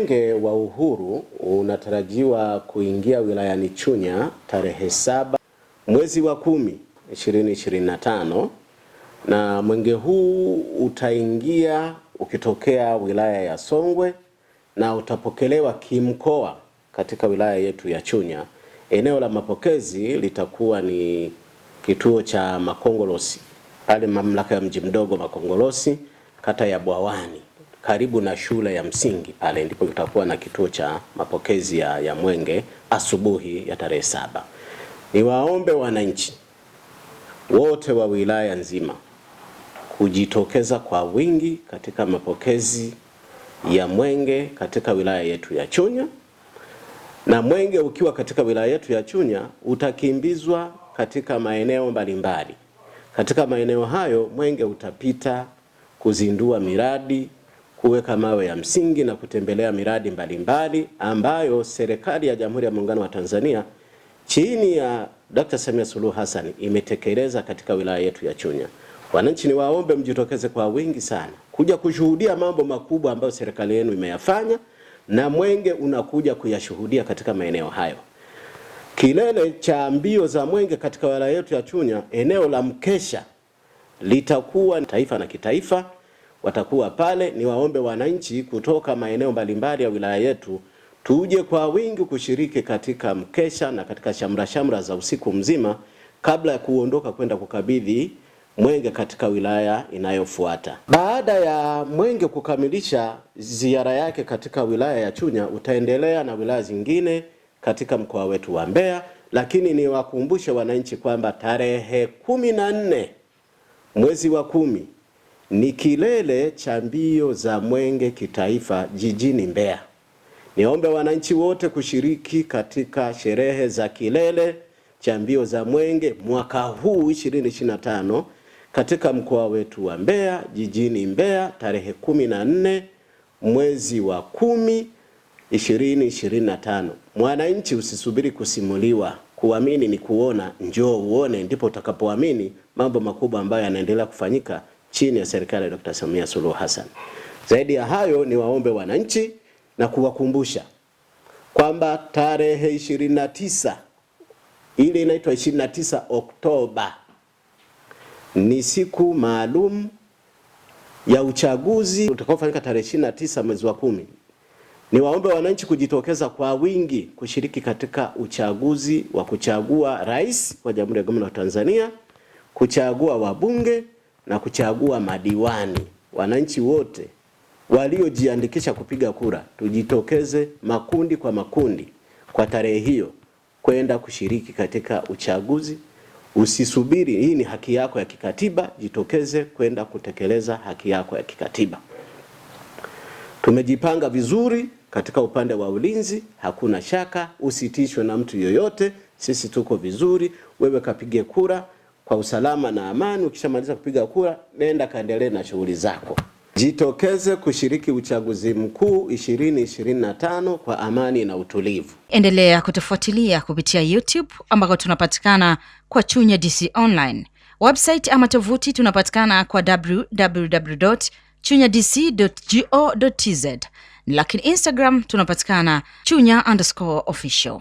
Mwenge wa Uhuru unatarajiwa kuingia wilayani Chunya tarehe saba mwezi wa kumi 2025 na mwenge huu utaingia ukitokea wilaya ya Songwe na utapokelewa kimkoa katika wilaya yetu ya Chunya. Eneo la mapokezi litakuwa ni kituo cha Makongolosi pale mamlaka ya mji mdogo Makongolosi, kata ya Bwawani karibu na shule ya msingi pale ndipo tutakuwa na kituo cha mapokezi ya, ya Mwenge asubuhi ya tarehe saba. Niwaombe wananchi wote wa wilaya nzima kujitokeza kwa wingi katika mapokezi ya Mwenge katika wilaya yetu ya Chunya, na Mwenge ukiwa katika wilaya yetu ya Chunya utakimbizwa katika maeneo mbalimbali. Katika maeneo hayo Mwenge utapita kuzindua miradi kuweka mawe ya msingi na kutembelea miradi mbalimbali mbali ambayo serikali ya Jamhuri ya Muungano wa Tanzania chini ya Dr. Samia Suluhu Hassan imetekeleza katika wilaya yetu ya Chunya. Wananchi ni waombe mjitokeze kwa wingi sana kuja kushuhudia mambo makubwa ambayo serikali yenu imeyafanya na mwenge unakuja kuyashuhudia katika maeneo hayo. Kilele cha mbio za mwenge katika wilaya yetu ya Chunya, eneo la Mkesha litakuwa taifa na kitaifa watakuwa pale. Niwaombe wananchi kutoka maeneo mbalimbali ya wilaya yetu tuje kwa wingi kushiriki katika mkesha na katika shamra shamra za usiku mzima kabla ya kuondoka kwenda kukabidhi mwenge katika wilaya inayofuata. Baada ya mwenge kukamilisha ziara yake katika wilaya ya Chunya, utaendelea na wilaya zingine katika mkoa wetu wa Mbeya, lakini niwakumbushe wananchi kwamba tarehe kumi na nne mwezi wa kumi ni kilele cha mbio za mwenge kitaifa jijini Mbeya. Niombe wananchi wote kushiriki katika sherehe za kilele cha mbio za mwenge mwaka huu 2025 katika mkoa wetu wa Mbeya jijini Mbeya tarehe 14 mwezi wa 10 2025. Mwananchi, usisubiri kusimuliwa, kuamini ni kuona. Njoo uone, ndipo utakapoamini mambo makubwa ambayo yanaendelea kufanyika chini ya serikali ya Dkt. Samia Suluhu Hassan. Zaidi ya hayo ni waombe wananchi na kuwakumbusha kwamba tarehe 29 ile inaitwa 29 Oktoba ni siku maalum ya uchaguzi utakaofanyika tarehe 29 mwezi wa kumi. Ni waombe wananchi kujitokeza kwa wingi kushiriki katika uchaguzi wa kuchagua rais wa Jamhuri ya Muungano wa Tanzania, kuchagua wabunge na kuchagua madiwani. Wananchi wote waliojiandikisha kupiga kura, tujitokeze makundi kwa makundi kwa tarehe hiyo kwenda kushiriki katika uchaguzi. Usisubiri, hii ni haki yako ya kikatiba, jitokeze kwenda kutekeleza haki yako ya kikatiba. Tumejipanga vizuri katika upande wa ulinzi, hakuna shaka, usitishwe na mtu yoyote. Sisi tuko vizuri, wewe kapige kura kwa usalama na amani. Ukishamaliza kupiga kura, nenda kaendelee na shughuli zako. Jitokeze kushiriki uchaguzi mkuu 2025 kwa amani na utulivu. Endelea kutufuatilia kupitia YouTube ambako tunapatikana kwa Chunya DC Online, website ama tovuti tunapatikana kwa www chunya dc go tz, lakini Instagram tunapatikana chunya underscore official.